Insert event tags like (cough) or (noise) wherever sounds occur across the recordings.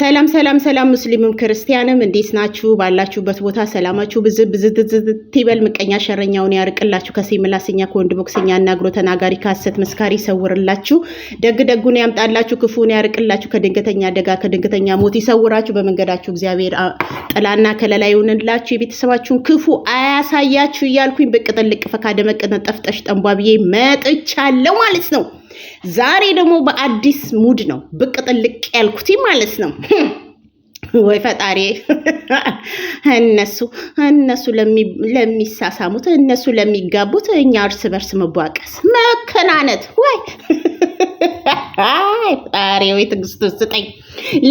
ሰላም ሰላም ሰላም፣ ሙስሊምም ክርስቲያንም እንዴት ናችሁ? ባላችሁበት ቦታ ሰላማችሁ ብዝ ብዝትዝት ምቀኛ ሸረኛውን ያርቅላችሁ። ከሴ ምላሰኛ ከወንድ ቦክሰኛ አናግሮ ተናጋሪ ከሐሰት መስካሪ ይሰውርላችሁ። ደግ ደጉን ያምጣላችሁ፣ ክፉን ያርቅላችሁ። ከድንገተኛ አደጋ ከድንገተኛ ሞት ይሰውራችሁ። በመንገዳችሁ እግዚአብሔር ጥላና ከለላ ይሆንላችሁ። የቤተሰባችሁን ክፉ አያሳያችሁ እያልኩኝ ብቅ ጥልቅ ፈካ ደመቅ ነጠፍጠሽ ጠንቧ ብዬ መጥቻለሁ ማለት ነው። ዛሬ ደግሞ በአዲስ ሙድ ነው ብቅ ጥልቅ ያልኩት ማለት ነው። (laughs) ወይ ፈጣሪ (laughs) እነሱ እነሱ ለሚሳሳሙት እነሱ ለሚጋቡት እኛ እርስ በርስ መቧቀስ መከናነት ወይ (laughs) ፈጣሪ ወይ ትዕግስት ስጠኝ።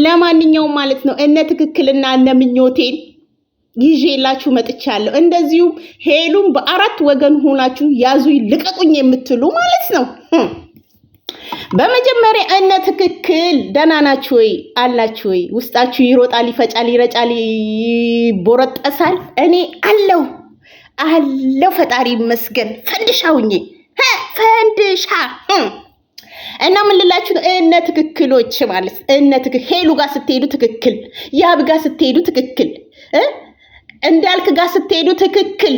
ለማንኛውም ማለት ነው እነ ትክክልና እነ ምኞቴን ይዤላችሁ መጥቻለሁ። እንደዚሁም ሄሉም በአራት ወገን ሆናችሁ ያዙኝ ልቀቁኝ የምትሉ ማለት ነው በመጀመሪያ እነ ትክክል ደህና ናችሁ ወይ አላችሁ ወይ? ውስጣችሁ ይሮጣል፣ ይፈጫል፣ ይረጫል፣ ይቦረጠሳል። እኔ አለው አለው ፈጣሪ ይመስገን ፈንድሻውኝ ሁኜ ፈንድሻ እና ምን ልላችሁ ነው? እነ ትክክሎች ማለት እነ ትክክል ሄሉ ጋር ስትሄዱ ትክክል፣ ያብ ጋር ስትሄዱ ትክክል፣ እንዳልክ ጋር ስትሄዱ ትክክል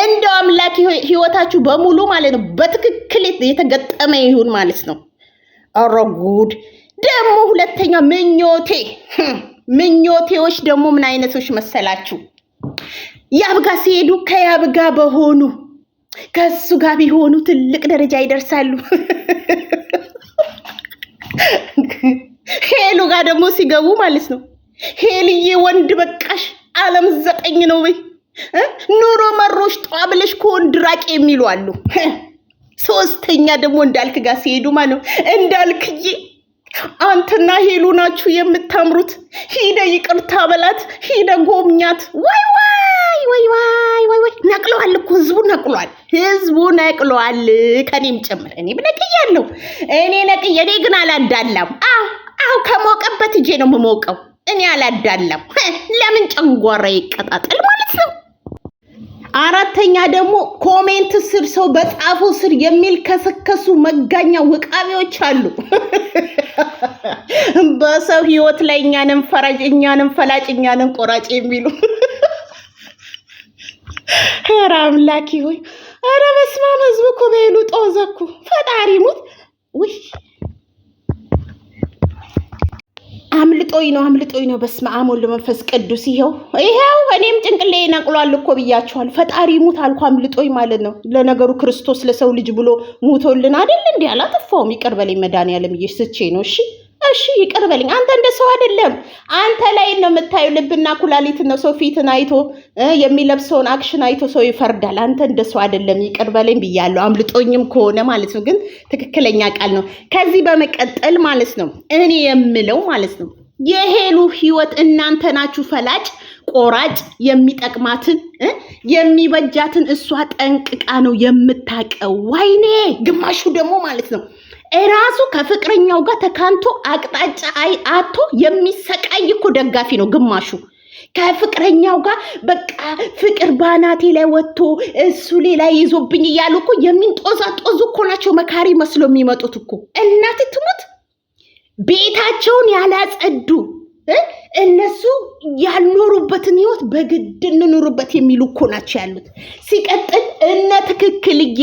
እንደ አምላክ ህይወታችሁ በሙሉ ማለት ነው በትክክል የተገጠመ ይሁን ማለት ነው። ኧረ ጉድ ደግሞ ሁለተኛ ምኞቴ hm፣ ምኞቴዎች ደግሞ ምን አይነቶች መሰላችሁ? ያብጋ ሲሄዱ ከያብጋ በሆኑ ከሱ ጋር ቢሆኑ ትልቅ ደረጃ ይደርሳሉ። (laughs) ሄሉ ጋር ደግሞ ሲገቡ ማለት ነው ሄልዬ ወንድ በቃሽ አለም ዘጠኝ ነው ወይ ኑሮ መሮሽ ጧብለሽ ብለሽ ድራቅ የሚሉ አሉ። ሶስተኛ ደግሞ እንዳልክ ጋር ሲሄዱ ማለት ነው እንዳልክዬ አንተና ሄሉ ናችሁ የምታምሩት። ሂደ ይቅርታ በላት፣ ሂደ ጎብኛት። ወይ ወይ ወይ ወይ ወይ ወይ ነቅለዋል እኮ ህዝቡ ነቅሏል፣ ህዝቡ ነቅሏል። ከኔም ጭምር እኔ ነቅያለሁ። እኔ ነቅዬ እኔ ግን አላዳላም። አዎ አዎ፣ ከሞቀበት እጄ ነው የምሞቀው። እኔ አላዳላም። ለምን ጨንጓራ ይቀጣጠል ማለት ነው። አራተኛ ደግሞ ኮሜንት ስር ሰው በጻፉ ስር የሚልከሰከሱ መጋኛ ውቃቢዎች አሉ። (laughs) በሰው ህይወት ላይ እኛንም ፈራጅ፣ እኛንም ፈላጭ፣ እኛንም ቆራጭ የሚሉ (laughs) ኧረ አምላኪ ሆይ ኧረ በስመ አብ ህዝቡ እኮ በይሉ ጦዘኩ ፈጣሪ ሙት ውይ አምልጦኝ ነው አምልጦኝ ነው። በስመ አብ ወወልድ ወመንፈስ ቅዱስ። ይኸው ይኸው እኔም ጭንቅሌ ነቅሏል እኮ ብያችኋል። ፈጣሪ ሙት አልኩ አምልጦኝ ማለት ነው። ለነገሩ ክርስቶስ ለሰው ልጅ ብሎ ሙቶልን አይደል እንዲህ አላጠፋውም። ይቅር በለኝ መድኃኒዓለም፣ ስቼ ነው እሺ እሺ ይቅር በልኝ። አንተ እንደ ሰው አይደለም። አንተ ላይ ነው የምታዩ። ልብና ኩላሊት ነው። ሰው ፊትን አይቶ የሚለብሰውን አክሽን አይቶ ሰው ይፈርዳል። አንተ እንደ ሰው አይደለም። ይቅር በልኝ ብያለሁ። አምልጦኝም ከሆነ ማለት ነው። ግን ትክክለኛ ቃል ነው። ከዚህ በመቀጠል ማለት ነው እኔ የምለው ማለት ነው የሄሉ ህይወት እናንተ ናችሁ ፈላጭ ቆራጭ የሚጠቅማትን የሚበጃትን እሷ ጠንቅቃ ነው የምታውቀው። ወይኔ ግማሹ ደግሞ ማለት ነው እራሱ ከፍቅረኛው ጋር ተካንቶ አቅጣጫ አቶ የሚሰቃይ እኮ ደጋፊ ነው ግማሹ። ከፍቅረኛው ጋር በቃ ፍቅር ባናቴ ላይ ወጥቶ እሱ ሌላ ይዞብኝ እያሉ እኮ የሚንጦዛጦዙ እኮ ናቸው። መካሪ መስሎ የሚመጡት እኮ እናት ትሙት ቤታቸውን ያላጸዱ እነሱ ያልኖሩበትን ህይወት በግድ እንኖሩበት የሚሉ እኮ ናቸው ያሉት። ሲቀጥል እነ ትክክልዬ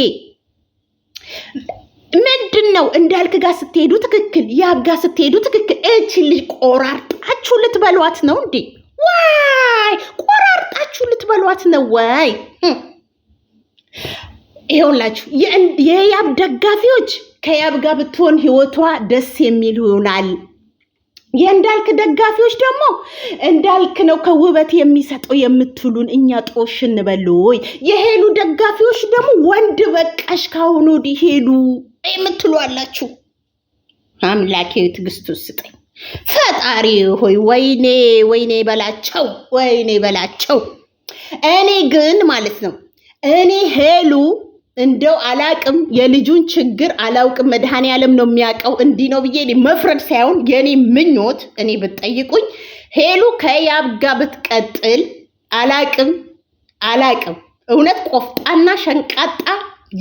ምንድን ነው እንዳልክ ጋር ስትሄዱ ትክክል፣ ያብ ጋር ስትሄዱ ትክክል። እች ልጅ ቆራርጣችሁ ልትበሏት ነው እንዴ? ዋይ ቆራርጣችሁ ልትበሏት ነው ወይ? ይኸውላችሁ የያብ ደጋፊዎች ከያብ ጋር ብትሆን ህይወቷ ደስ የሚል ይሆናል። የእንዳልክ ደጋፊዎች ደግሞ እንዳልክ ነው ከውበት የሚሰጠው የምትሉን እኛ ጦሽ እንበል ወይ? የሄሉ ደጋፊዎች ደግሞ ወንድ በቃሽ ካሁኑ ሄሉ የምትሉ አላችሁ። አምላኬ ትዕግስቱ ስጠኝ ፈጣሪ ሆይ፣ ወይኔ ወይኔ በላቸው፣ ወይኔ በላቸው። እኔ ግን ማለት ነው እኔ ሄሉ እንደው አላቅም፣ የልጁን ችግር አላውቅም። መድኃኔዓለም ነው የሚያውቀው። እንዲህ ነው ብዬ መፍረድ ሳይሆን የኔ ምኞት እኔ ብትጠይቁኝ ሄሉ ከያብ ጋር ብትቀጥል አላቅም፣ አላቅም እውነት ቆፍጣና ሸንቃጣ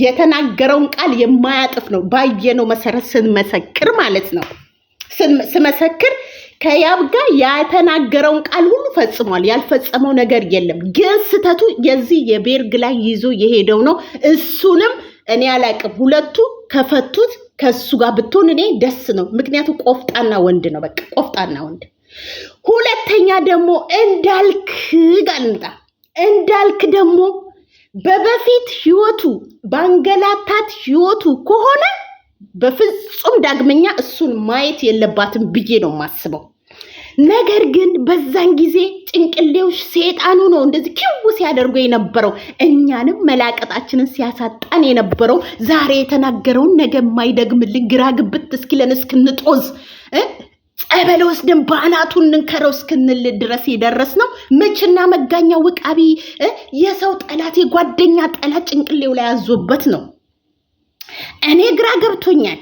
የተናገረውን ቃል የማያጥፍ ነው። ባየነው መሰረት ስንመሰክር ማለት ነው። ስመሰክር ከያብ ጋር የተናገረውን ቃል ሁሉ ፈጽሟል። ያልፈጸመው ነገር የለም። ግን ስህተቱ የዚህ የቤርግ ላይ ይዞ የሄደው ነው። እሱንም እኔ አላቅም። ሁለቱ ከፈቱት ከእሱ ጋር ብትሆን እኔ ደስ ነው። ምክንያቱም ቆፍጣና ወንድ ነው። በቃ ቆፍጣና ወንድ። ሁለተኛ ደግሞ እንዳልክ ጋር እንምጣ። እንዳልክ ደግሞ በበፊት ህይወቱ ባንገላታት ህይወቱ ከሆነ በፍጹም ዳግመኛ እሱን ማየት የለባትም ብዬ ነው የማስበው። ነገር ግን በዛን ጊዜ ጭንቅሌዎች ሴጣኑ ነው እንደዚህ ኪው ሲያደርጉ የነበረው እኛንም መላቀጣችንን ሲያሳጣን የነበረው ዛሬ የተናገረውን ነገ የማይደግምልን ግራ ግብት እስኪለን እስክንጦዝ ጸበል ወስደን በአናቱ እንንከረው እስክንል ድረስ የደረስ ነው። ምችና መጋኛ ውቃቢ፣ የሰው ጠላት፣ የጓደኛ ጠላት ጭንቅሌው ላይ ያዞበት ነው። እኔ ግራ ገብቶኛል።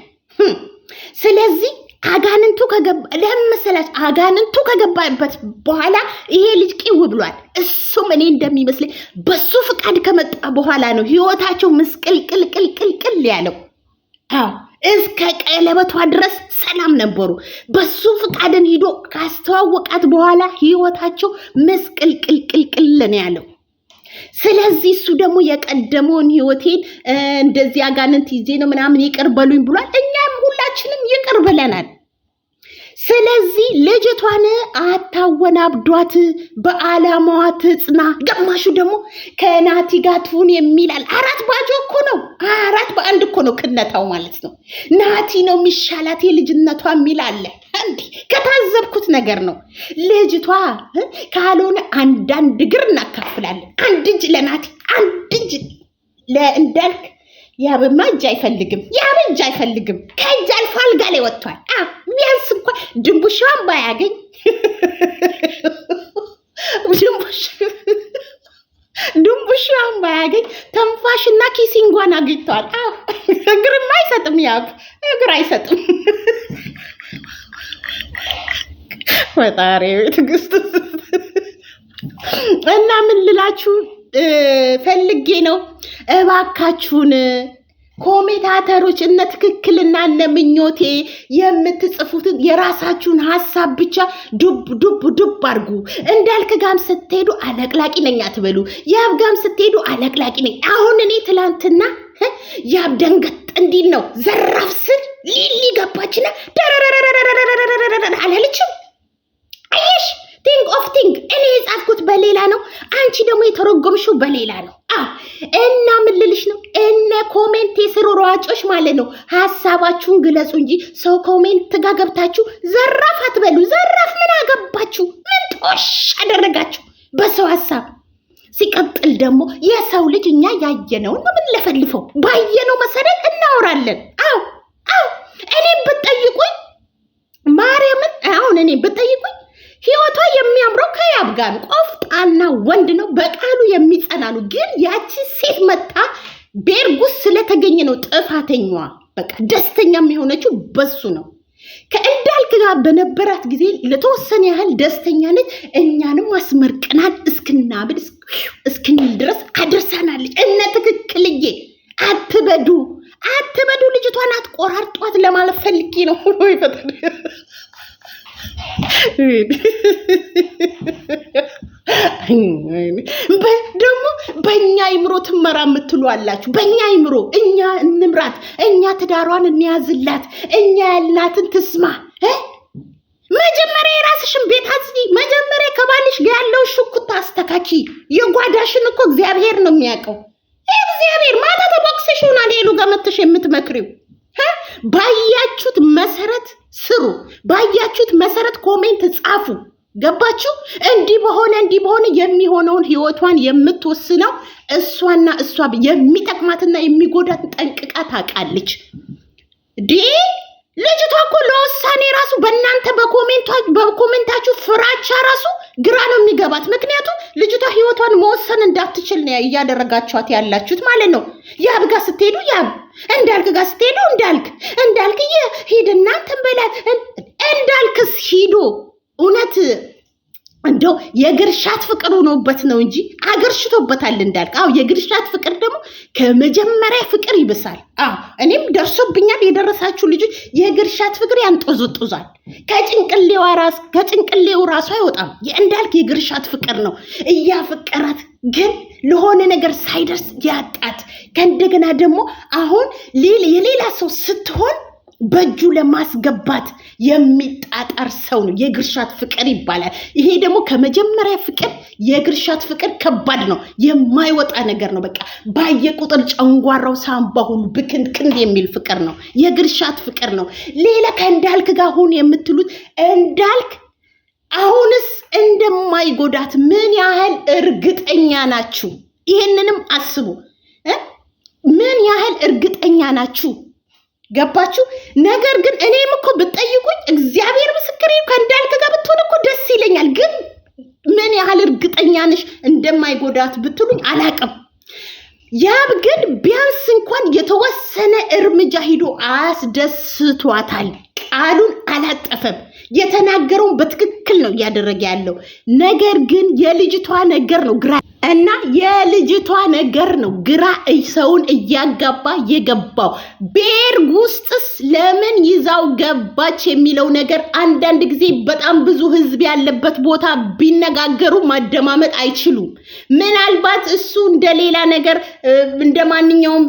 ስለዚህ አጋንንቱ ለምስላች አጋንንቱ ከገባበት በኋላ ይሄ ልጅ ቂው ብሏል። እሱም እኔ እንደሚመስለኝ በሱ ፍቃድ ከመጣ በኋላ ነው ህይወታቸው ምስቅልቅልቅልቅልቅል ያለው። እስከ ቀለበቷ ድረስ ሰላም ነበሩ። በሱ ፍቃድን ሂዶ ካስተዋወቃት በኋላ ህይወታቸው መስቅልቅልቅልቅል ነው ያለው። ስለዚህ እሱ ደግሞ የቀደመውን ህይወቴን እንደዚህ አጋንንት ይዜ ነው ምናምን ይቅር በሉኝ ብሏል። እኛም ሁላችንም ይቅር ብለናል። ስለዚህ ልጅቷን አታወናብዷት፣ በአላማዋ ትጽና። ግማሹ ደግሞ ከናቲ ጋር ትሁን የሚላል አራት ባጆ እኮ ነው፣ አራት በአንድ እኮ ነው ክነታው ማለት ነው። ናቲ ነው የሚሻላት የልጅነቷ የሚላለ እንዲ ከታዘብኩት ነገር ነው። ልጅቷ ካልሆነ አንዳንድ እግር እናካፍላለን፣ አንድ እጅ ለናቲ አንድ እጅ ለእንዳልክ ያብማ እጅ አይፈልግም። ያብ እጅ አይፈልግም። ከእጅ አልፎ አልጋ ላይ ወጥቷል። ሚያንስ እንኳ ድንቡሽዋን ባያገኝ ድንቡሽዋን ባያገኝ ተንፋሽና ኪሲንጓን አግኝተዋል። እግርም አይሰጥም። ያብ እግር አይሰጥም። ፈጣሪ ትግስት እና ምን ልላችሁ ፈልጌ ነው እባካችሁን ኮሜታተሮች እነ ትክክልና እነ ምኞቴ የምትጽፉትን የራሳችሁን ሀሳብ ብቻ ዱብ ዱብ ዱብ አድርጉ። እንዳልክ ጋም ስትሄዱ አለቅላቂ ነኝ አትበሉ። ያብ ጋም ስትሄዱ አለቅላቂ ነኝ። አሁን እኔ ትላንትና ያብ ደንገት እንዲል ነው ዘራፍ ስል ሊሊ ገባችና አላለችም። አንቺ ደግሞ የተረጎምሽው በሌላ ነው። እና ምን ልልሽ ነው? እነ ኮሜንት የስሩ ሯጮች ማለት ነው ሀሳባችሁን ግለጹ እንጂ ሰው ኮሜንት ጋር ገብታችሁ ዘራፍ አትበሉ። ዘራፍ ምን አገባችሁ? ምን ጦሽ አደረጋችሁ በሰው ሀሳብ። ሲቀጥል ደግሞ የሰው ልጅ እኛ ያየነውን ነው የምንለፈልፈው። ባየነው መሰረት እናወራለን። አው አው እኔ ብጠይቁኝ ማርያምን አሁን እኔ ብጠይቁኝ ህይወቷ የሚያምረው ከያብ ጋር ነው። ቆፍጣና ወንድ ነው፣ በቃሉ የሚጸና ነው። ግን ያቺ ሴት መታ ቤርጉስ ስለተገኘ ነው ጥፋተኛዋ። በቃ ደስተኛ የሆነችው በሱ ነው። ከእንዳልክ ጋር በነበራት ጊዜ ለተወሰነ ያህል ደስተኛ ነች። እኛንም አስመርቅናል፣ እስክናብድ እስክንል ድረስ አድርሰናለች። እነ ትክክልዬ አትበዱ፣ አትበዱ። ልጅቷን አትቆራርጧት ለማለት ፈልጌ ነው። (laughs) (laughs) ደግሞ በእኛ አይምሮ ትመራ የምትሉ አላችሁ። በእኛ አይምሮ እኛ እንምራት፣ እኛ ትዳሯን እንያዝላት፣ እኛ ያልናትን ትስማ። መጀመሪያ የራስሽን ቤት አጽጂ። መጀመሪያ ከባልሽ ጋር ያለው ሽኩት አስተካኪ። የጓዳሽን እኮ እግዚአብሔር ነው የሚያውቀው። እግዚአብሔር ማታ ሆና ሌሉ ጋር ገመትሽ የምትመክሪው ባያችሁት መሰረት ስሩ፣ ባያችሁት መሰረት ኮሜንት ጻፉ። ገባችሁ? እንዲህ በሆነ እንዲህ በሆነ የሚሆነውን ህይወቷን የምትወስነው እሷና እሷ የሚጠቅማትና የሚጎዳት ጠንቅቃ ታውቃለች። ዲ ልጅቷ እኮ ለውሳኔ ራሱ በእናንተ በኮሜንታችሁ ፍራቻ ራሱ ግራ ነው የሚገባት። ምክንያቱም ልጅቷ ህይወቷን መወሰን እንዳትችል ነው እያደረጋችኋት ያላችሁት ማለት ነው። ያብ ጋር ስትሄዱ ያብ፣ እንዳልክ ጋር ስትሄዱ እንዳልክ፣ እንዳልክ ሂድና እንትን በላት እንዳልክስ ሂዶ እውነት እንደው የግርሻት ፍቅር ሆኖበት ነው እንጂ አገርሽቶበታል እንዳልክ። አዎ የግርሻት ፍቅር ደግሞ ከመጀመሪያ ፍቅር ይብሳል። አዎ እኔም ደርሶብኛል። የደረሳችሁ ልጆች የግርሻት ፍቅር ያንጦዝጡዛል። ከጭንቅሌዋ ራስ ከጭንቅሌው ራሱ አይወጣም። እንዳልክ የግርሻት ፍቅር ነው እያፈቀራት ግን ለሆነ ነገር ሳይደርስ ያጣት ከእንደገና ደግሞ አሁን የሌላ ሰው ስትሆን በእጁ ለማስገባት የሚጣጣር ሰው ነው። የግርሻት ፍቅር ይባላል። ይሄ ደግሞ ከመጀመሪያ ፍቅር የግርሻት ፍቅር ከባድ ነው፣ የማይወጣ ነገር ነው። በቃ ባየ ቁጥር ጨንጓራው ሳምባ ሁሉ ብክንክንድ የሚል ፍቅር ነው፣ የግርሻት ፍቅር ነው። ሌላ ከእንዳልክ ጋር ሁን የምትሉት እንዳልክ አሁንስ እንደማይጎዳት ምን ያህል እርግጠኛ ናችሁ? ይሄንንም አስቡ። ምን ያህል እርግጠኛ ናችሁ? ገባችሁ? ነገር ግን እኔም እኮ ብጠይቁኝ እግዚአብሔር ምስክሬ ከእንዳልክ ጋር ብትሆን እኮ ደስ ይለኛል። ግን ምን ያህል እርግጠኛ ነሽ እንደማይጎዳት ብትሉኝ አላቅም። ያብ ግን ቢያንስ እንኳን የተወሰነ እርምጃ ሂዶ አስደስቷታል። ቃሉን አላጠፈም። የተናገረውን በትክክል ነው እያደረገ ያለው ነገር ግን የልጅቷ ነገር ነው ግራ እና የልጅቷ ነገር ነው ግራ ሰውን እያጋባ የገባው። ቤር ውስጥስ ለምን ይዛው ገባች የሚለው ነገር አንዳንድ ጊዜ በጣም ብዙ ሕዝብ ያለበት ቦታ ቢነጋገሩ ማደማመጥ አይችሉም። ምናልባት እሱ እንደ ሌላ ነገር እንደ ማንኛውም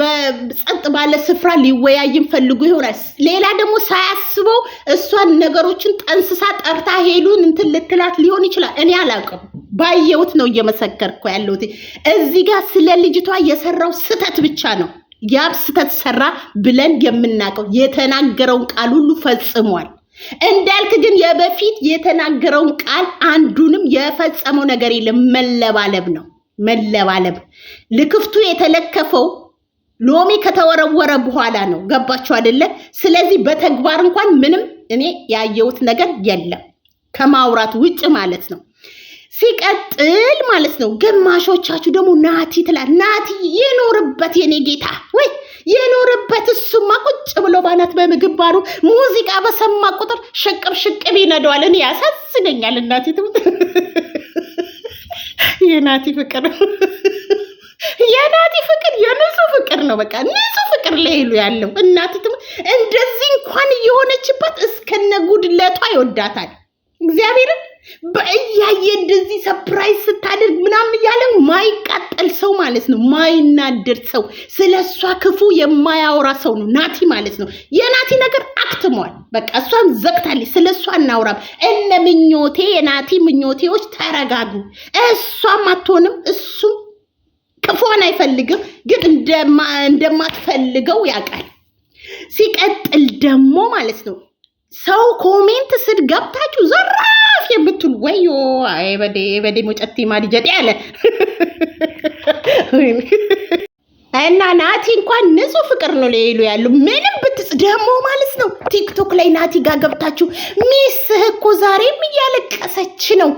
በጸጥ ባለ ስፍራ ሊወያይም ፈልጉ ይሆናል። ሌላ ደግሞ ሳያስበው እሷን ነገሮችን ጠንስሳ ጠርታ ሄሉን እንትን ልትላት ሊሆን ይችላል። እኔ አላውቅም። ባየሁት ነው እየመሰከርኩ ያለሁት። እዚህ ጋር ስለ ልጅቷ የሰራው ስተት ብቻ ነው ያብ ስተት ሰራ ብለን የምናውቀው የተናገረውን ቃል ሁሉ ፈጽሟል። እንዳልክ ግን የበፊት የተናገረውን ቃል አንዱንም የፈጸመው ነገር የለም። መለባለብ ነው መለባለብ። ልክፍቱ የተለከፈው ሎሚ ከተወረወረ በኋላ ነው። ገባችሁ አይደለ? ስለዚህ በተግባር እንኳን ምንም እኔ ያየሁት ነገር የለም ከማውራት ውጭ ማለት ነው። ሲቀጥል ማለት ነው ግማሾቻችሁ ደግሞ ናቲ ትላል። ናቲ የኖርበት የኔ ጌታ ወይ የኖርበት። እሱማ ቁጭ ብሎ ባናት በምግብ ሙዚቃ በሰማ ቁጥር ሽቅብ ሽቅብ ይነደዋል። እኔ ያሳዝነኛል። እናቴ (laughs) የናቲ ፍቅር (laughs) የናቲ ፍቅር የንጹህ ፍቅር ነው። በቃ ንጹህ ፍቅር ለይሉ ያለው እናቲ እንደዚህ እንኳን የሆነችበት እስከነ ጉድለቷ ይወዳታል እግዚአብሔርን በእያየ እንደዚህ ሰፕራይዝ ስታደርግ ምናምን እያለ ማይቃጠል ሰው ማለት ነው፣ ማይናደድ ሰው፣ ስለ እሷ ክፉ የማያወራ ሰው ነው ናቲ ማለት ነው። የናቲ ነገር አክትሟል። በቃ እሷም ዘግታለች። ስለ እሷ እናውራም። እነ ምኞቴ የናቲ ምኞቴዎች ተረጋጉ። እሷም አትሆንም፣ እሱም ክፉን አይፈልግም፣ ግን እንደማትፈልገው ያውቃል። ሲቀጥል ደግሞ ማለት ነው ሰው ኮሜንት ስድ ገብታችሁ ዘራ የምትል ወዮ በዴ ሞጨቲ ማዲ ጀጤ አለ እና ናቲ እንኳን ንጹህ ፍቅር ነው ሌሉ ያሉ ምንም ብትጽ ደግሞ ማለት ነው። ቲክቶክ ላይ ናቲ ጋር ገብታችሁ ሚስትህ እኮ ዛሬም እያለቀሰች ነው፣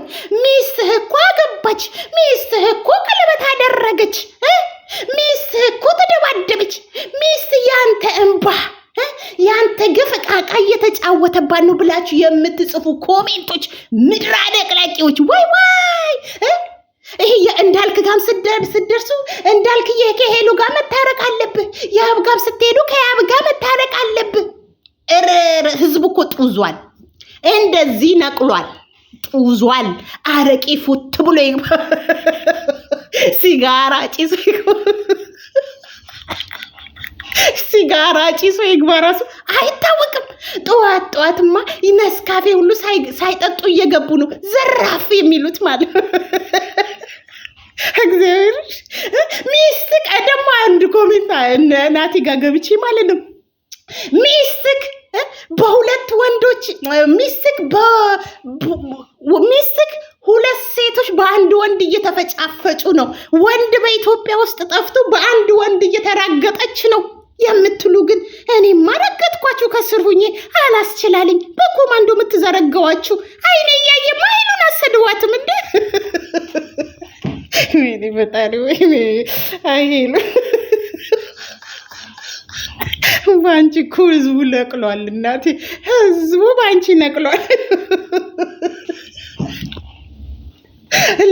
ሚስትህ እኮ አገባች፣ ሚስትህ እኮ ቀለበት አደረገች፣ ሚስትህ እኮ ተደባደበች፣ ሚስ ያንተ እንባ የግፍ ዕቃቃ እየተጫወተባት ነው ብላችሁ የምትጽፉ ኮሜንቶች ምድር አደቅላቂዎች፣ ወይ ወይ ይሄ የእንዳልክ ጋም ስደርሱ እንዳልክ ከሄሉ ጋር መታረቅ አለብህ። የሀብ ጋም ስትሄዱ ከያብ ጋር መታረቅ አለብህ። ህዝቡ እኮ ጡዟል፣ እንደዚህ ነቅሏል፣ ጡዟል። አረቄ ፉት ብሎ ሲጋራ ጭስ ሲጋራ ጭሶ ይግባ ራሱ አይታወቅም። ጠዋት ጠዋትማ ነስካፌ ሁሉ ሳይጠጡ እየገቡ ነው ዘራፍ የሚሉት ማለት እግዚአብሔር ሚስት ቀደም አንድ ኮሜንት ናቲ ጋ ገብቼ ማለት ነው ሚስትክ በሁለት ወንዶች ሚስትክ ሚስትክ ሁለት ሴቶች በአንድ ወንድ እየተፈጫፈጩ ነው። ወንድ በኢትዮጵያ ውስጥ ጠፍቶ በአንድ ወንድ እየተራገጠች ነው። የምትሉ ግን እኔ ማረገጥኳችሁ ከስር ሁኜ አላስችላልኝ በኮማንዶ የምትዘረገዋችሁ አይኔ እያየ ማይሉን አሰድዋትም እንደ ወይኔ ፈጣሪ ወይኔ አይሉ በአንቺ እኮ ህዝቡ ነቅሏል እናቴ ህዝቡ በአንቺ ነቅሏል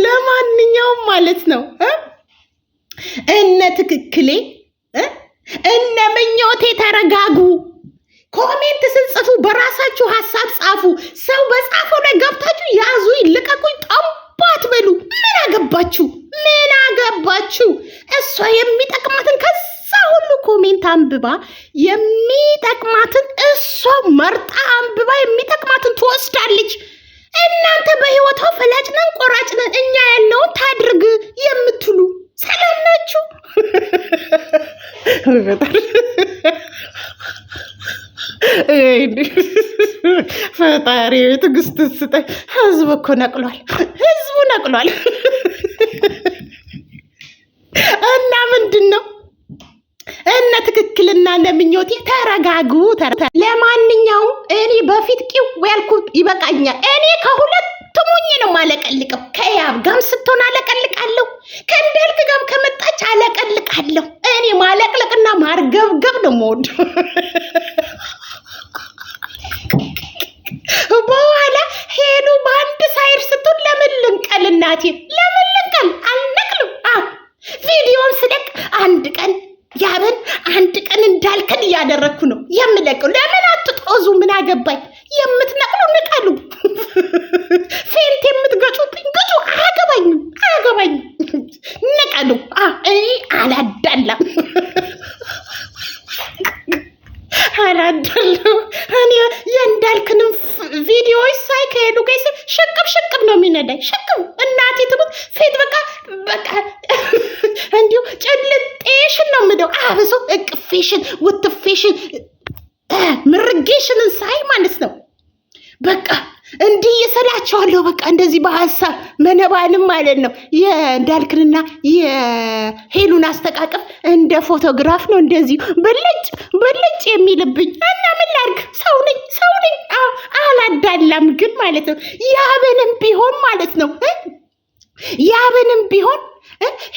ለማንኛውም ማለት ነው እነ ትክክሌ እነ ምኞቴ ተረጋጉ። ኮሜንት ስንጽፉ በራሳችሁ ሀሳብ ጻፉ። ሰው በጻፈው ላይ ገብታችሁ ያዙ፣ ይልቀቁኝ፣ ጠባት በሉ ምን አገባችሁ? ምን አገባችሁ? እሷ የሚጠቅማትን ከዛ ሁሉ ኮሜንት አንብባ የሚጠቅማትን እሷ መርጣ አንብባ የሚጠቅማትን ትወስዳለች። እናንተ በህይወቷ ፈላጭ ነን ቆራጭ ነን እኛ ያለውን ታድርግ የምትሉ ሰላም ናችሁ? ፈጣሪ ትዕግስት ስጠኝ። ህዝብ እኮ ነቅሏል፣ ህዝቡ ነቅሏል። እና ምንድን ነው እነ ትክክልና ለምኞቴ ተረጋጉ። ለማንኛውም እኔ በፊት ቂው ያልኩ ይበቃኛል። እኔ ከሁለት ሞኝ ነው ማለቀልቀው። ከያብ ጋም ስትሆን አለቀልቃለሁ፣ ከእንዳልክ ጋም ከመጣች አለቀልቃለሁ። እኔ ማለቅለቅና ማርገብገብ ነው የምወደው። በኋላ ሄሉ በአንድ ሳይድ ስትሆን ለምን ልንቀል እናቴ፣ ለምን ልንቀል አልነቅልም። ቪዲዮም ስለቅ አንድ ቀን ያብን አንድ ቀን እንዳልክን እያደረግኩ ነው የምለቀው። ለምን አትጦዙ? ምን አገባኝ? የምትነቅሉ ንቀሉ። ቀንም ማለት ነው የእንዳልክንና የሄሉን አስተቃቀፍ እንደ ፎቶግራፍ ነው እንደዚሁ ብልጭ ብልጭ የሚልብኝ እና ምን ላድርግ? ሰው ነኝ ሰው ነኝ። አላዳላም ግን ማለት ነው ያብንም ቢሆን ማለት ነው ያብንም ቢሆን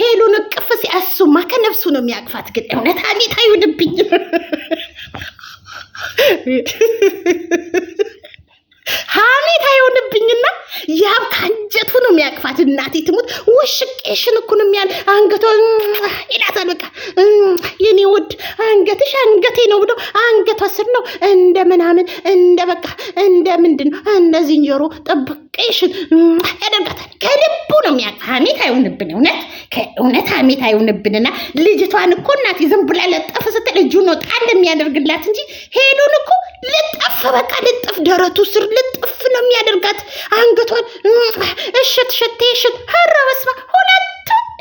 ሄሉን እቅፍ ሲያሱማ ከነፍሱ ነው የሚያቅፋት። ግን እውነት አቤት አይሆንብኝ ቅሬታ የሆንብኝና ያብ ከአንጀቱ ነው የሚያቅፋት። እናቴ ትሙት ውሽቄሽን እኮ ነው የሚያል አንገቷ ይላታል። በቃ የኔ ውድ አንገትሽ አንገቴ ነው ብሎ አንገቷ ስር ነው እንደ ምናምን እንደ በቃ እንደ ምንድን ነው እንደ ዝንጀሮ ጥብቄሽን ያደርጋታል። ከልቡ ነው የሚያቅፋ። ሀሜት አይሆንብን እውነት ከእውነት ሀሜት አይሆንብንና ልጅቷን እኮ እናቴ ዝም ብላ ለጠፍ ስትል እጁ ነው ጣል የሚያደርግላት እንጂ ሄሉን እኮ ልጥፍ በቃ ልጥፍ፣ ደረቱ ስር ልጥፍ ነው የሚያደርጋት አንገቷን እሸት ሸት ሸት ኧረ ሁለት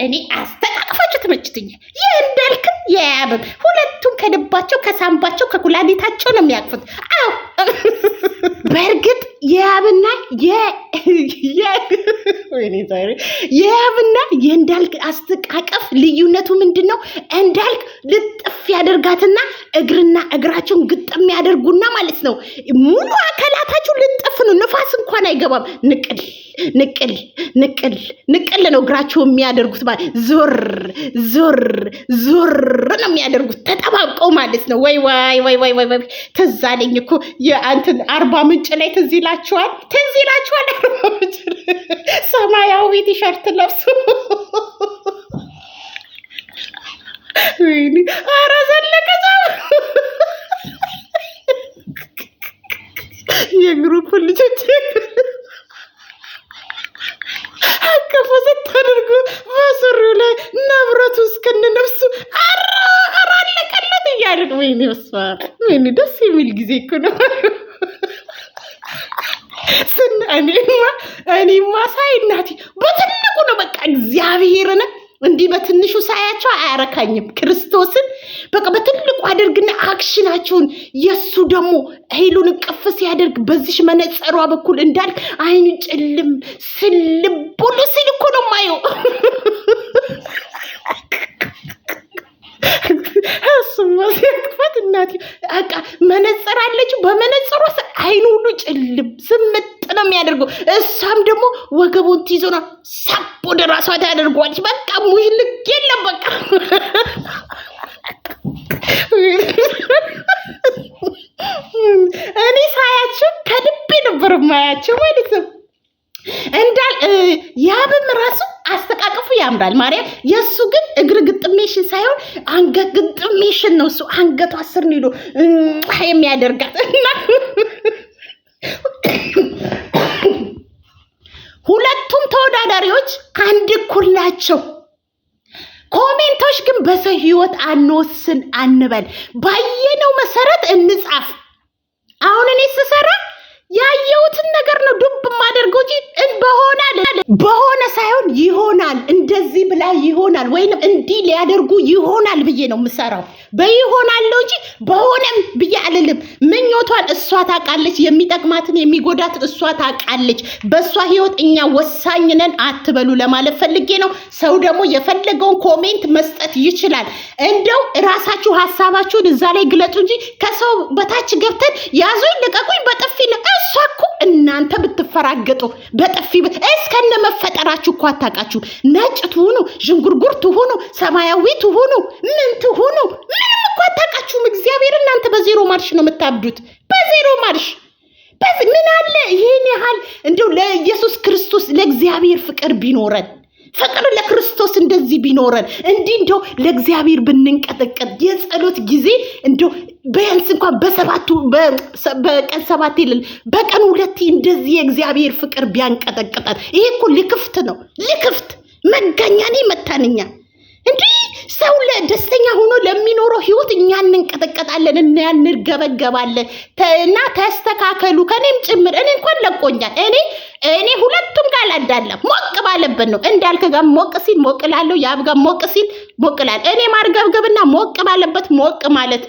እኔ አስተቃቅፋቸው ተመችቶኛል። የእንዳልክ የያብም ሁለቱም ከልባቸው ከሳንባቸው ከኩላሊታቸው ነው የሚያቅፉት። አዎ በእርግጥ የያብና የያብና የእንዳልክ አስተቃቀፍ ልዩነቱ ምንድን ነው? እንዳልክ ልጥፍ ያደርጋትና እግርና እግራቸውን ግጥም ያደርጉና ማለት ነው ሙሉ አካላታቸው ልጥፍ ነው። ንፋስ እንኳን አይገባም። ንቅል ንቅል ንቅል ንቅል ነው እግራቸው የሚያደርጉት ይገባል። ዙር ዙር ዙር ነው የሚያደርጉት ተጠባብቀው ማለት ነው። ወይ ወይ ወይ ወይ ወይ ከዛ ትዝ አለኝ እኮ የአንትን አርባ ምንጭ ላይ ትዝ ይላችኋል፣ ትዝ ይላችኋል። አርባ ምንጭ ሰማያዊ ቲሸርት ለብሱ ወይኔ ኧረ ዘለቀ የግሩፕ ልጆች አቀፎ ስታደርጉ በሱሪው ላይ ነብረቱ እስከነነፍሱ አራለቀለት እያደርግ ወይኔ መስማር ወይኔ ደስ የሚል ጊዜ እኮ ነው። እኔማ እኔማ ሳይ እናቴ በትልቁ ነው በቃ እግዚአብሔርን እንዲህ በትንሹ ሳያቸው አያረካኝም። ክርስቶስን በቃ በትልቁ አድርግና አክሽናቸውን የእሱ ደግሞ ሄሉን ቅፍ ሲያደርግ በዚሽ መነጸሯ በኩል እንዳልክ አይኑ ጭልም ስልም ብሎ ሲል እኮ ነው ማየው እሱም መግባት እናት በቃ መነፅር አለች። በመነፅሯ አይኑ ሁሉ ጭልም ስምጥ ነው የሚያደርገው። እሷም ደግሞ ወገቡን ትይዞ ነው ሳብ ወደ ራሷ ታደርጓለች። በቃ ሙሽ ልክ የለም በቃ (laughs) እኔ ሳያቸው ከልቤ ነበር ማያቸው ማለት ነው እንዳል ያብም ያምራል። ማርያም የእሱ ግን እግር ግጥሜሽን ሳይሆን አንገት ግጥሜሽን ነው። እሱ አንገቷ አስር ኒዶ የሚያደርጋት እና ሁለቱም ተወዳዳሪዎች አንድ እኩል ናቸው። ኮሜንቶች ግን በሰው ህይወት አንወስን አንበል፣ ባየነው መሰረት እንጻፍ። አሁን እኔ ስሰራ ያየሁትን ነገር ነው ዱብ ማደርገው እንጂ በሆናል በሆነ ሳይሆን ይሆናል፣ እንደዚህ ብላ ይሆናል፣ ወይንም እንዲህ ሊያደርጉ ይሆናል ብዬ ነው የምሰራው። በይሆናለው እንጂ በሆነም ብዬ አልልም። ምኞቷን እሷ ታውቃለች። የሚጠቅማትን የሚጎዳትን እሷ ታውቃለች። በእሷ ህይወት እኛ ወሳኝ ነን አትበሉ ለማለት ፈልጌ ነው። ሰው ደግሞ የፈለገውን ኮሜንት መስጠት ይችላል። እንደው ራሳችሁ ሀሳባችሁን እዛ ላይ ግለጡ እንጂ ከሰው በታች ገብተን ያዙኝ ልቀቁኝ በጥፊ ነው። እሷ እኮ እናንተ ብትፈራገጡ በጥፊ እስከነ መፈጠራችሁ እኮ አታውቃችሁ። ነጭ ትሁኑ፣ ዥንጉርጉር ትሁኑ፣ ሰማያዊ ትሁኑ፣ ምን ትሁኑ ምንም እኮ አታውቃችሁም። እግዚአብሔር እናንተ በዜሮ ማርሽ ነው የምታብዱት። በዜሮ ማርሽ ምን አለ ይህን ያህል እንዲሁ ለኢየሱስ ክርስቶስ ለእግዚአብሔር ፍቅር ቢኖረን ፍቅር ለክርስቶስ እንደዚህ ቢኖረን እንዲህ እንደው ለእግዚአብሔር ብንንቀጠቀጥ የጸሎት ጊዜ እንደው ቢያንስ እንኳን በሰባቱ በቀን ሰባት ይልል በቀን ሁለት እንደዚህ የእግዚአብሔር ፍቅር ቢያንቀጠቅጠን። ይሄ እኮ ልክፍት ነው፣ ልክፍት መጋኛ መታንኛ እንዲህ ሰው ደስተኛ ሆኖ ለሚኖረው ህይወት እኛ እንንቀጠቀጣለን እና እንርገበገባለን። እና ተስተካከሉ፣ ከኔም ጭምር እኔ እንኳን ለቆኛል። እኔ እኔ ሁለቱም ጋር አላዳላም፣ ሞቅ ባለበት ነው እንዳልክ ጋር ሞቅ ሲል ሞቅ ላለው፣ የአብ ጋር ሞቅ ሲል ሞቅ ላለ እኔ ማርገብገብና ሞቅ ባለበት ሞቅ ማለት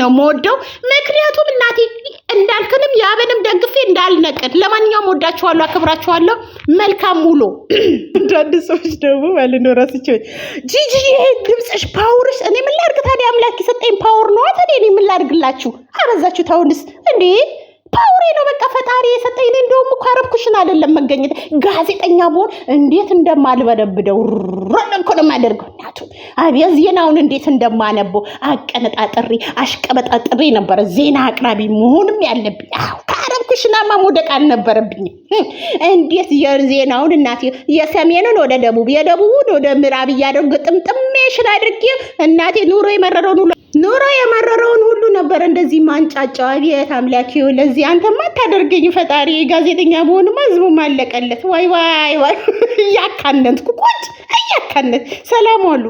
ነው መወደው። ምክንያቱም እናቴ እንዳልክንም ያብንም ደግፌ እንዳልነቅን። ለማንኛውም ወዳችኋለሁ፣ አክብራችኋለሁ። መልካም ውሎ። አንዳንድ ሰዎች ደግሞ ማለት ራስቸው ጂጂ፣ ይሄ ድምፅሽ ፓወርሽ፣ እኔ ምን ላድርግ ታዲያ? አምላክ የሰጠኝ ፓወር ነዋ። ታዲያ እኔ ምን ላድርግላችሁ? አረዛችሁ ታውንስ እንዴ ታውሬ ነው በቃ ፈጣሪ የሰጠኝ። እኔ እንደውም እኮ አረብኩሽን አይደለም መገኘት ጋዜጠኛ ብሆን እንዴት እንደማልበደብደው ሮን እኮ ነው የማደርገው። እናቱ አብያ ዜናውን እንዴት እንደማነበው አቀነጣጥሬ አሽቀበጣጥሬ ነበረ ዜና አቅራቢ መሆንም ያለብኝ። አዎ ከአረብኩሽናማ መውደቅ አልነበረብኝም። እንዴት የዜናውን እናቴ የሰሜኑን ወደ ደቡብ የደቡቡን ወደ ምዕራብ እያደረጉ ግጥምጥሜ ሽን አድርጌ እናቴ ኑሮ የመረረውን ኑሮ የመረረውን ሁሉ ነበር እንደዚህ ማንጫጫው። አቤት አምላኬ ለዚህ አንተማ አታደርገኝ ፈጣሪ። ጋዜጠኛ በሆንማ ህዝቡም ማለቀለት። ዋይ ዋይ ዋይ! እያካነትኩ ቁጭ እያካነት ሰላም አሉ።